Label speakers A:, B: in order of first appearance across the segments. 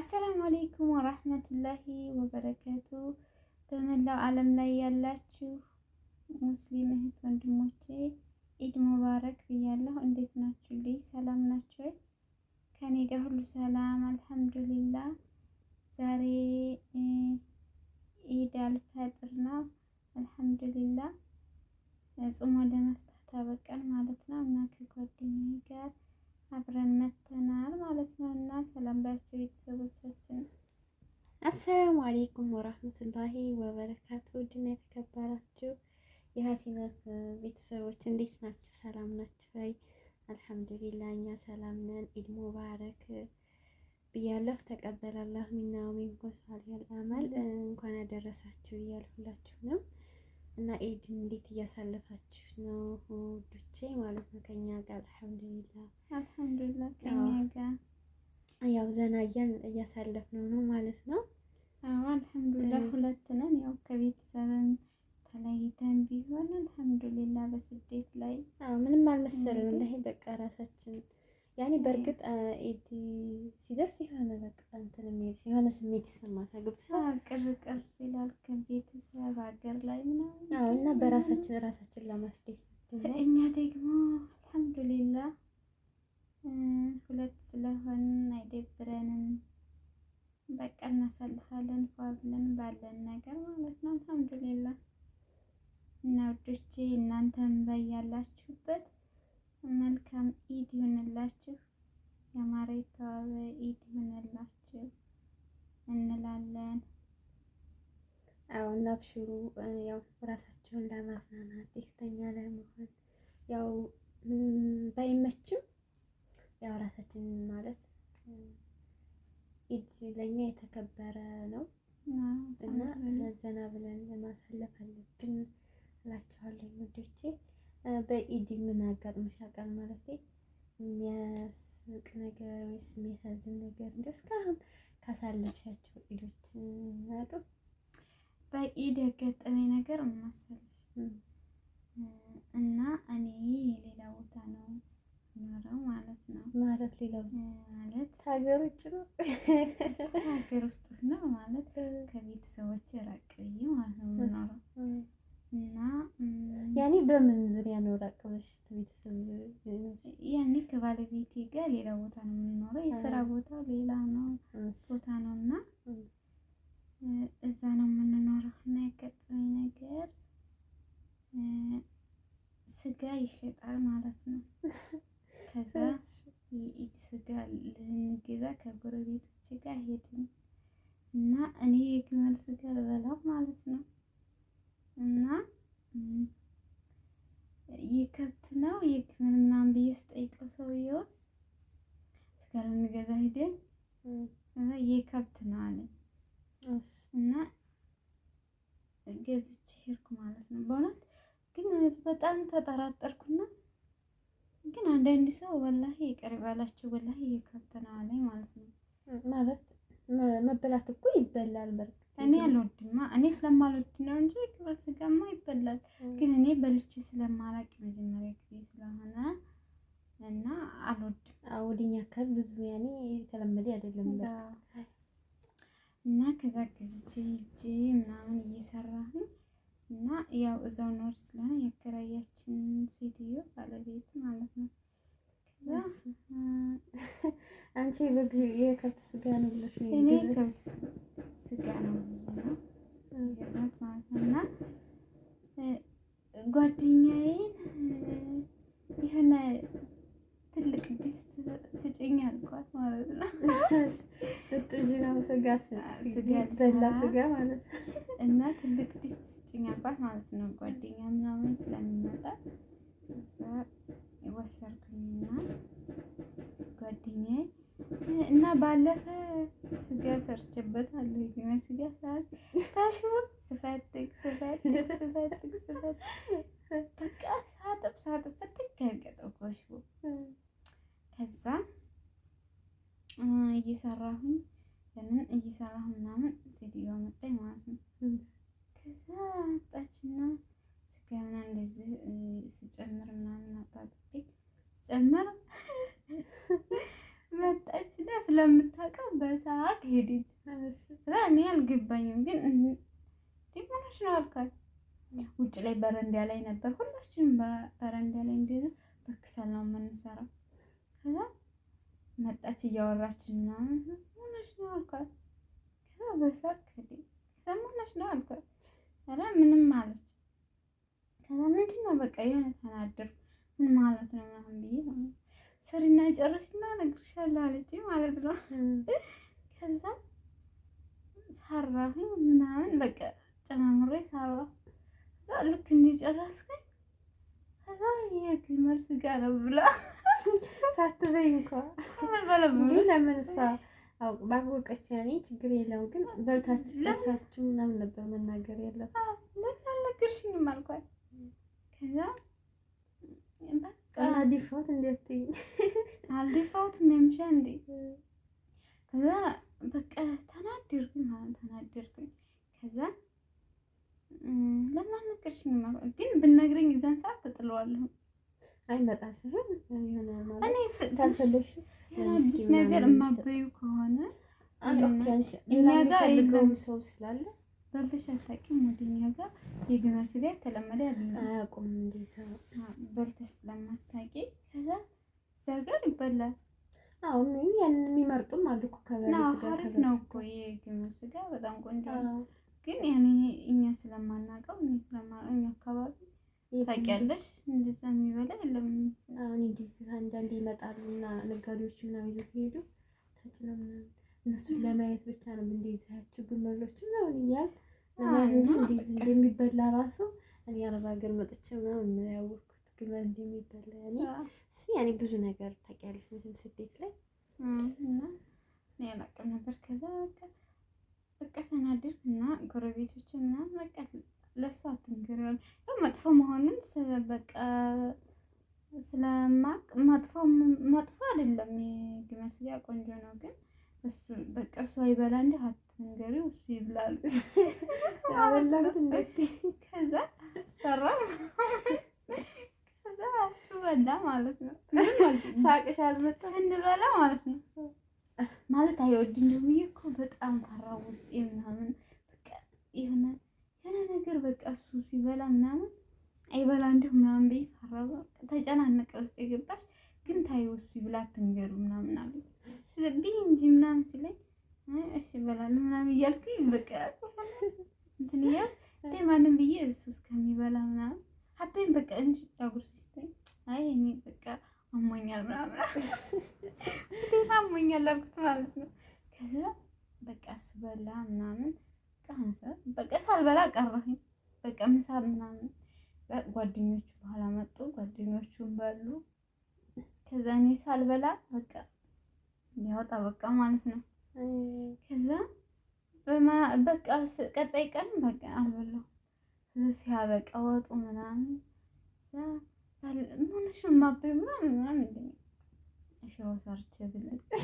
A: አሰላሙ አሌይኩም ወራህመቱላሂ ወበረከቱ። በመላው ዓለም ላይ ያላችሁ ሙስሊም እህት ወንድሞቼ ኢድ ሙባረክ ብያለሁ። እንዴት ናችሁ? ልይ ሰላም ናቸው? ከኔ ጋር ሁሉ ሰላም አልሐምዱሊላ። ዛሬ ኢድ አልፈጥር ነው። አልሐምዱሊላ ጾም ለመፍታት መፍታት አበቃን ማለት ነው እና ከጓደኛዬ ጋር አብረን መተናል ማለት ነው እና ሰላም ባችሁ ቤተሰቦቻችን።
B: አሰላሙ አሌይኩም ወራህመቱላሂ ወበረካቱ። ውድና የተከበራችሁ የሀሲነት ቤተሰቦች እንዴት ናችሁ? ሰላም ናችሁ ወይ? አልሐምዱሊላ እኛ ሰላም ነን። ኢድ ሙባረክ ብያለሁ። ተቀበላላሁ ሚና ሚንኩም ሳሊሀል አመል እንኳን አደረሳችሁ እያልኩላችሁ ነው። እና ኢድ እንዴት እያሳለፋችሁ ነው ውዶቼ? ማለት ነው ከኛ ጋር አልሐምዱሊላ አልሐምዱሊላ ከኛ ጋር ያው ዘና እያን እያሳለፍነው ነው ማለት ነው። አዎ አልሐምዱሊላ ሁለት ነን። ያው ከቤተሰብም ተለይተን ቢሆን አልሐምዱሊላ በስደት ላይ ምንም አልመሰልንም። በቃ ራሳችን ያኔ በእርግጥ ኢዲ ሲደርስ የሆነ በቃ እንትን የሚል የሆነ ስሜት ይሰማታል። ገብቶሻል? ቅርቅር ይላል ከቤተሰብ ሀገር ላይ ምናምን እና በራሳችን ራሳችን ለማስደሰት እኛ ደግሞ አልሐምዱሊላ ሁለት ስለሆን አይደብረንም። በቃ እናሳልፋለን ብለን ባለን ነገር ማለት ነው። አልሐምዱሊላ እና ውዶቼ እናንተም በያላችሁበት መልካም ኢድ ይሁንላችሁ። ያማረ የተዋበ ኢድ ይሁንላችሁ እንላለን። አዎ እናብሽሩ። ያው ራሳቸውን ለማዝናናት ደስተኛ ለመሆን ያው ባይመችም ያው ራሳችን ማለት ኢድ ለኛ የተከበረ ነው እና ዘና ብለን ለማሳለፍ አለብን እላችኋለሁ ውዶቼ። በኢድ ምን አጋጥሞሽ ያውቃል? ማለቴ የሚያስቅ ነገር ወይስ የሚያሳዝን ነገር እንደው እስካሁን ካሳለፍሻቸው ኢዶች አያውቅም? በኢድ ያጋጠመኝ ነገር ማሰለሽ እና እኔ የሌላ ቦታ ነው ኖረው ማለት ነው ማለት ሌላ ማለት ሀገር ውጭ ነው ሀገር ውስጥ ነው ማለት ከቤተሰቦች ራቅ ብዬ ማለት ነው የምኖረው እና ያኔ በምን ከቤተሰብ ያኔ ከባለቤቴ ጋር ሌላ ቦታ ነው የምንኖረው። የስራ ቦታ ሌላ ነው ቦታ ነው እና እዛ ነው የምንኖረው እና ያጋጠመኝ ነገር ስጋ ይሸጣል ማለት ነው። ከዛ የኢድ ስጋ ልንገዛ ከጎረቤቶች ጋር ሄድን እና እኔ የግመል ስጋ ልበላም ማለት ነው እና ይህ ከብት ነው ይህ ምናምን ብዬ ስጠይቀው ሰውየውን ስጋ ልንገዛ ሂደን ይህ ከብት ነው አለ እና ገዝቼ ሄድኩ ማለት ነው። በእውነት ግን በጣም ተጠራጠርኩና ግን አንዳንድ ሰው ወላሂ ይቅር ይበላችሁ ወላሂ ይህ ከብት ነው አለኝ ማለት ነው ማለት መበላት እኮ ይበላል። በርግጥ እኔ አልወድማ እኔ ስለማልወድ ነው እንጂ ቅቅል ስጋማ ይበላል። ግን እኔ በልቼ ስለማላቅ መጀመሪያ ጊዜ ስለሆነ እና አልወድም። ወደኛ አካባቢ ብዙ ያኔ የተለመደ አይደለም። እና ከዛ ጊዜ ሂጄ ምናምን እየሰራሁኝ እና ያው እዛው ኖር ስለሆነ ያከራያችን ሴትዮ ባለቤት ማለት ነው አንቺ በግ የከብት ስጋ ነው ብለሽ ነው? እኔ ከብት ስጋ ነው ገዛት ማለት ነው። እና ጓደኛዬን የሆነ ትልቅ ድስት ስጭኝ አልኳት ማለት ነው። እጥጅ ነው ስጋ ስጋ ስጋ ማለት ነው። እና ትልቅ ድስት ስጭኝ አልኳት ማለት ነው። ጓደኛ ምናምን ስለሚመጣ ተወሰርኩኝና ጓደኛዬ እና ባለፈ ስጋ ሰርችበት ሰርቼበታለሁ። ግን ስጋ ሰዓት ታሽሙ ስፈትግ ስፈትግ ስፈትግ ስፈትግ በቃ ሳጥብ ሳጥብ ፈትግ ያልቀጠው ኮሽቦ ከዛ እየሰራሁኝ ለምን እየሰራሁ ምናምን ሴትዮዋ መጣኝ ማለት ነው። ከዛ መጣችና ስጋና እንደዚህ ስጨምር ምናምን አጣጥቤ ስጨምር መጣች እና ስለምታውቀው በሰዓት ሄደች። ከዛ እኔ አልገባኝም፣ ግን ዲሞኖች ነው አልኳት። ውጭ ላይ በረንዳ ላይ ነበር፣ ሁላችንም በረንዳ ላይ እንደዚህ በክሰል ነው የምንሰራው። ከዛ መጣች እያወራችን ና ሆነች ነው አልኳት። ከዛ በሰዓት ሄደች። ከዛ ሆነች ነው አልኳት። ኧረ ምንም አለች ከዛ ምንድን ነው በቃ የሆነ ተናደርኩ። ምን ማለት ነው ምናምን ብዬ ማለት ሰሪና ጨርሽና እነግርሻለሁ አለች ማለት ነው። ከዛ ሰራሁ ምናምን በቃ ጨማምሬ ሰራሁ። ከዛ ልክ እንዲጨረስኩኝ ከዛ የግመል ስጋ ነው ብላ ሳትበይ እንኳ ለምን እሷ ባወቀች ያኔ ችግር የለውም ግን በልታችሁ ሳችሁ ምናምን ነበር መናገር ያለብን። ለምን አልነገርሽኝም አልኳት። ከዛ ዲፋውት እንዴት አልዲፋውትም የምሻ እንዴ ከዛ በቃ ተናደርኩኝ ማለት ተናደርኩኝ። ከዛ ግን ብነግረኝ እዛን ሰዓት ተጥለዋለሁ። ሲሆን እኔ አዲስ ነገር ከሆነ እኛ ጋር ሰው ስላለ በልተሽ አታውቂም? ወደ እኛ ጋር የግመል ስጋ የተለመደ ያለ አያውቁም። እንደዛ በልተሽ ስለማታውቂ ከዛ እዛ ጋር ይበላል። አዎ ያንን የሚመርጡም አሉ እኮ ከበሬ ስጋ አሪፍ ነው እኮ የግመል ስጋ በጣም ቆንጆ ነው። ግን ያኔ እኛ ስለማናውቀው እኛ አካባቢ ታውቂያለሽ፣ እንደዛ የሚበላ የለም። አሁን እንዲህ አንዳንዴ ይመጣሉ እና ነጋዴዎች ምናምን ይዘው ሲሄዱ ተጭነው ምናምን እነሱን ለማየት ብቻ ነው እንደዚያቸው ግመሎች ምናምን እያል ለማየት እንጂ እንደዚህ እንደሚበላ ራሱ እኔ አረብ ሀገር መጥቼ ምናምን ነው ያወቅኩት ግመል እንደሚበላ። ያኔ ያኔ ብዙ ነገር ታውቂያለሽ መቼም ስደት ላይ እና እኔ ነበር። ከዛ በቃ በቃ ተናደድኩ እና ጎረቤቶች ምናምን በቃ ለእሱ አትንገሪዋል መጥፎ መሆኑን በቃ ስለማቅ መጥፎ መጥፎ አይደለም። ግመል ስጋ ቆንጆ ነው ግን እሱን በቃ እሱ አይበላ እንደ አትንገሪው እሱ ይብላል። አበላት እንዴት ከዛ ሰራ ከዛ እሱ በላ ማለት ነው። ሳቅሽ አልመጣ ስንበላ ማለት ነው። ማለት አይወድ ደግሞ እኮ በጣም ፈራ ውስጥ ምናምን በቃ የሆነ የሆነ ነገር በቃ እሱ ሲበላ ምናምን አይበላ እንዲሁ ምናምን ብዬ ፈራ ተጨናነቀ ውስጥ የገባሽ ግን ታይ እሱ ይብላ አትንገሪው ምናምን አሉኝ። ዘቢ እንጂ ምናምን ሲለኝ እሺ እበላለሁ ምናምን እያልኩኝ በቃ እንትን እያልኩ ማንም ብዬ እሱ እስከሚበላ ምናምን አበኝ በቃ እንጂ ዳጉር ሲስተኝ አይ እኔ በቃ አሞኛል ምናምን እንዴት አሞኛል አልኩት ማለት ነው። ከዛ በቃ ስበላ ምናምን ቃንሰ በቃ ሳልበላ ቀረሁኝ። በቃ ምሳ ምናምን ጓደኞቹ በኋላ መጡ። ጓደኞቹን በሉ። ከዛ እኔ ሳልበላ በቃ ያወጣ በቃ ማለት ነው። ከዛ በቃ ቀጣይ ቀን በቃ አልበላው ሲያበቃ ወጡ ምናምን ማበይ ምናምን ምናምን ይለኛል። ሽሮ ሰርቼ ብልጥ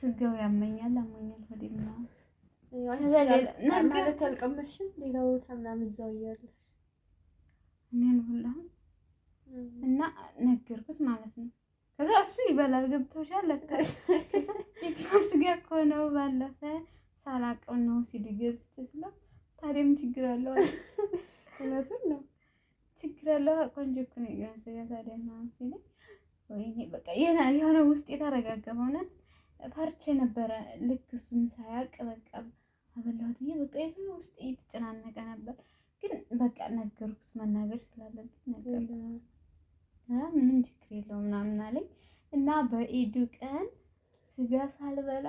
B: ስጋው ያመኛል አሞኛል ሆዴ ምናምን ማለት አልቀመሽም ሌላ ቦታ ምናምን እዛው እያለሽ እኔ አልበላሁም እና ነገርኩት ማለት ነው። እሱ ይበላል። ገብቶሻል። ለካ ስጋ እኮ ነው። ባለፈ ሳላቀው ነው ሲሉ ገዝቼ ስለ ታዲያም ችግር አለው። እውነቱን ነው ችግር አለው። ቆንጆ እኮ ነው የገባ ስጋ ታዲያ ምናምን ሲለኝ ወይኔ በቃ የሆነ ውስጥ የተረጋጋ በእውነት ፈርቼ ነበረ። ልክ እሱም ሳያቅ በቃ አበላሁት ብዬ በቃ የሆነ ውስጥ እየተጨናነቀ ነበር። ግን በቃ ነገርኩት መናገር ስላለብኝ ነገር ምንም ችግር የለውም ምናምን አለኝ እና በኢዱ ቀን ስጋ ሳልበላ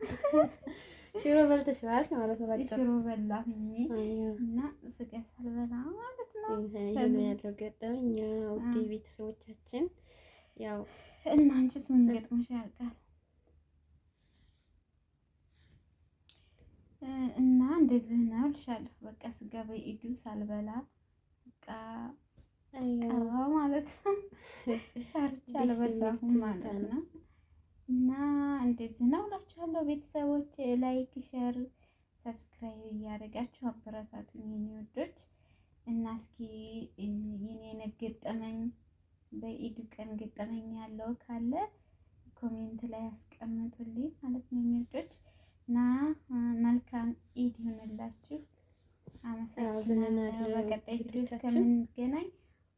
B: ሽሮ በልተሽዋል ማለት ነው። ሽሮ በላሁኝ እና ስጋ ሳልበላ ማለት ነው። ይሄን ያለው ገጠመኝ ውዴ ቤተሰቦቻችን ያው እና አንቺስ ምን ገጥሞሽ ያልቃል? እና እንደዚህ ነው ልሻለሁ። በቃ ስጋ በኢዱ ሳልበላ በቃ ማለት ሳርቻ አልበላሁም ማለት ነው። እና እንደዚህ ነው እላችኋለሁ ቤተሰቦች፣ ላይክ፣ ሸር፣ ሰብስክራይብ እያደረጋችሁ አበረታቱኝ የኔ ወዶች። እና እስኪ የኔን ገጠመኝ በኢዱ ቀን ገጠመኝ ያለው ካለ ኮሜንት ላይ አስቀምጡልኝ ማለት ነው የኔ ወዶች። እና መልካም ኢድ ይሁንላችሁ። አመሰግናለሁ። በቀጣይ ቪዲዮ እስከምንገናኝ